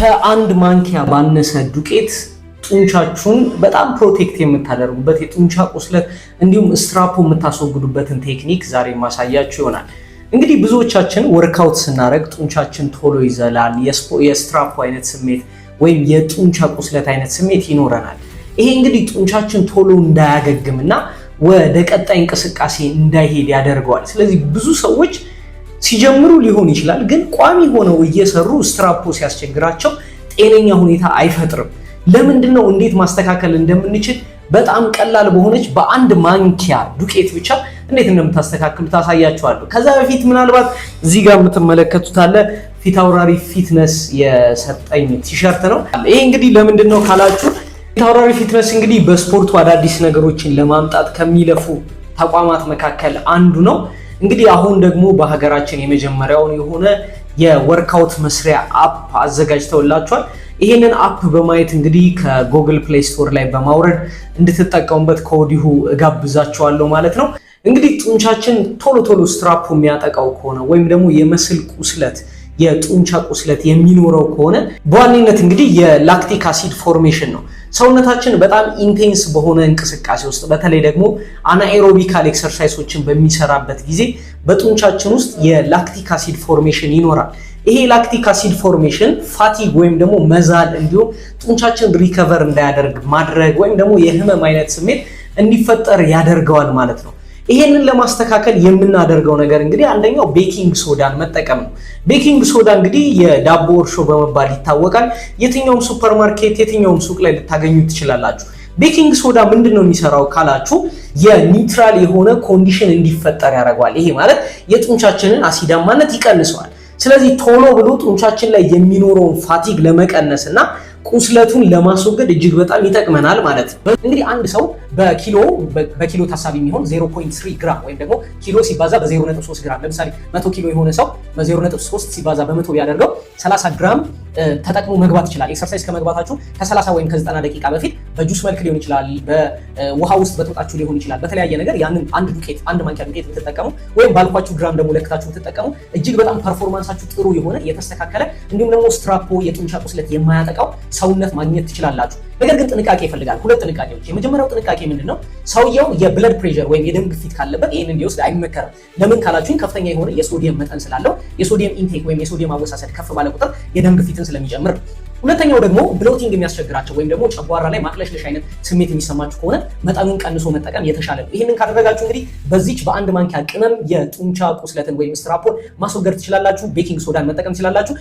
ከአንድ ማንኪያ ባነሰ ዱቄት ጡንቻችሁን በጣም ፕሮቴክት የምታደርጉበት የጡንቻ ቁስለት እንዲሁም ስትራፖ የምታስወግዱበትን ቴክኒክ ዛሬ ማሳያችሁ ይሆናል። እንግዲህ ብዙዎቻችን ወርካውት ስናደርግ ጡንቻችን ቶሎ ይዘላል። የስትራፖ አይነት ስሜት ወይም የጡንቻ ቁስለት አይነት ስሜት ይኖረናል። ይሄ እንግዲህ ጡንቻችን ቶሎ እንዳያገግምና ወደ ቀጣይ እንቅስቃሴ እንዳይሄድ ያደርገዋል። ስለዚህ ብዙ ሰዎች ሲጀምሩ ሊሆን ይችላል፣ ግን ቋሚ ሆነው እየሰሩ ስትራፖ ሲያስቸግራቸው ጤነኛ ሁኔታ አይፈጥርም። ለምንድን ነው እንዴት ማስተካከል እንደምንችል በጣም ቀላል በሆነች በአንድ ማንኪያ ዱቄት ብቻ እንዴት እንደምታስተካክሉ ታሳያችኋለሁ። ከዛ በፊት ምናልባት እዚህ ጋር የምትመለከቱት አለ ፊት አውራሪ ፊትነስ የሰጠኝ ቲሸርት ነው። ይሄ እንግዲህ ለምንድን ነው ካላችሁ ፊት አውራሪ ፊትነስ እንግዲህ በስፖርቱ አዳዲስ ነገሮችን ለማምጣት ከሚለፉ ተቋማት መካከል አንዱ ነው። እንግዲህ አሁን ደግሞ በሀገራችን የመጀመሪያውን የሆነ የወርክአውት መስሪያ አፕ አዘጋጅተውላቸዋል። ይህንን አፕ በማየት እንግዲህ ከጉግል ፕሌይ ስቶር ላይ በማውረድ እንድትጠቀሙበት ከወዲሁ እጋብዛችኋለሁ ማለት ነው። እንግዲህ ጡንቻችን ቶሎ ቶሎ ስትራፑ የሚያጠቃው ከሆነ ወይም ደግሞ የመስል ቁስለት የጡንቻ ቁስለት የሚኖረው ከሆነ በዋነኝነት እንግዲህ የላክቲክ አሲድ ፎርሜሽን ነው። ሰውነታችን በጣም ኢንቴንስ በሆነ እንቅስቃሴ ውስጥ በተለይ ደግሞ አናኤሮቢካል ኤክሰርሳይሶችን በሚሰራበት ጊዜ በጡንቻችን ውስጥ የላክቲክ አሲድ ፎርሜሽን ይኖራል። ይሄ ላክቲክ አሲድ ፎርሜሽን ፋቲግ ወይም ደግሞ መዛል እንዲሁም ጡንቻችን ሪከቨር እንዳያደርግ ማድረግ ወይም ደግሞ የህመም አይነት ስሜት እንዲፈጠር ያደርገዋል ማለት ነው። ይሄንን ለማስተካከል የምናደርገው ነገር እንግዲህ አንደኛው ቤኪንግ ሶዳን መጠቀም ነው። ቤኪንግ ሶዳ እንግዲህ የዳቦ እርሾ በመባል ይታወቃል። የትኛውም ሱፐርማርኬት፣ የትኛውም ሱቅ ላይ ልታገኙ ትችላላችሁ። ቤኪንግ ሶዳ ምንድን ነው የሚሰራው ካላችሁ የኒውትራል የሆነ ኮንዲሽን እንዲፈጠር ያደርገዋል። ይሄ ማለት የጡንቻችንን አሲዳማነት ይቀንሰዋል። ስለዚህ ቶሎ ብሎ ጡንቻችን ላይ የሚኖረውን ፋቲግ ለመቀነስ እና ቁስለቱን ለማስወገድ እጅግ በጣም ይጠቅመናል ማለት ነው። እንግዲህ አንድ ሰው በኪሎ በኪሎ ታሳቢ የሚሆን 0.3 ግራም ወይም ደግሞ ኪሎ ሲባዛ በ0.3 ግራም ለምሳሌ 100 ኪሎ የሆነ ሰው በ0.3 ሲባዛ በ100 ቢያደርገው 30 ግራም ተጠቅሞ መግባት ይችላል። ኤክሰርሳይዝ ከመግባታችሁ ከ30 ወይም ከ90 ደቂቃ በፊት በጁስ መልክ ሊሆን ይችላል፣ በውሃ ውስጥ በተውጣችሁ ሊሆን ይችላል። በተለያየ ነገር ያንን አንድ ዱቄት አንድ ማንኪያ ዱቄት ብትጠቀሙ ወይም ባልኳችሁ ግራም ደግሞ ለክታችሁ ብትጠቀሙ እጅግ በጣም ፐርፎርማንሳችሁ ጥሩ የሆነ የተስተካከለ እንዲሁም ደግሞ ስትራፖ የጡንቻ ቁስለት የማያጠቃው ሰውነት ማግኘት ትችላላችሁ። ነገር ግን ጥንቃቄ ይፈልጋል። ሁለት ጥንቃቄዎች። የመጀመሪያው ጥንቃቄ ምንድን ነው? ሰውየው የብለድ ፕሬሸር ወይም የደም ግፊት ካለበት ይህን እንዲወስድ አይመከርም። ለምን ካላችሁኝ ከፍተኛ የሆነ የሶዲየም መጠን ስላለው የሶዲየም ኢንቴክ ወይም የሶዲየም አወሳሰድ ከፍ ባለ ቁጥር የደም ግፊትን ስለሚጨምር ሁለተኛው ደግሞ ብሎቲንግ የሚያስቸግራቸው ወይም ደግሞ ጨጓራ ላይ ማቅለሽለሽ አይነት ስሜት የሚሰማችሁ ከሆነ መጠኑን ቀንሶ መጠቀም የተሻለ ነው። ይህንን ካደረጋችሁ እንግዲህ በዚች በአንድ ማንኪያ ቅመም የጡንቻ ቁስለትን ወይም ስትራፖን ማስወገድ ትችላላችሁ። ቤኪንግ ሶዳን መጠቀም ትችላላችሁ።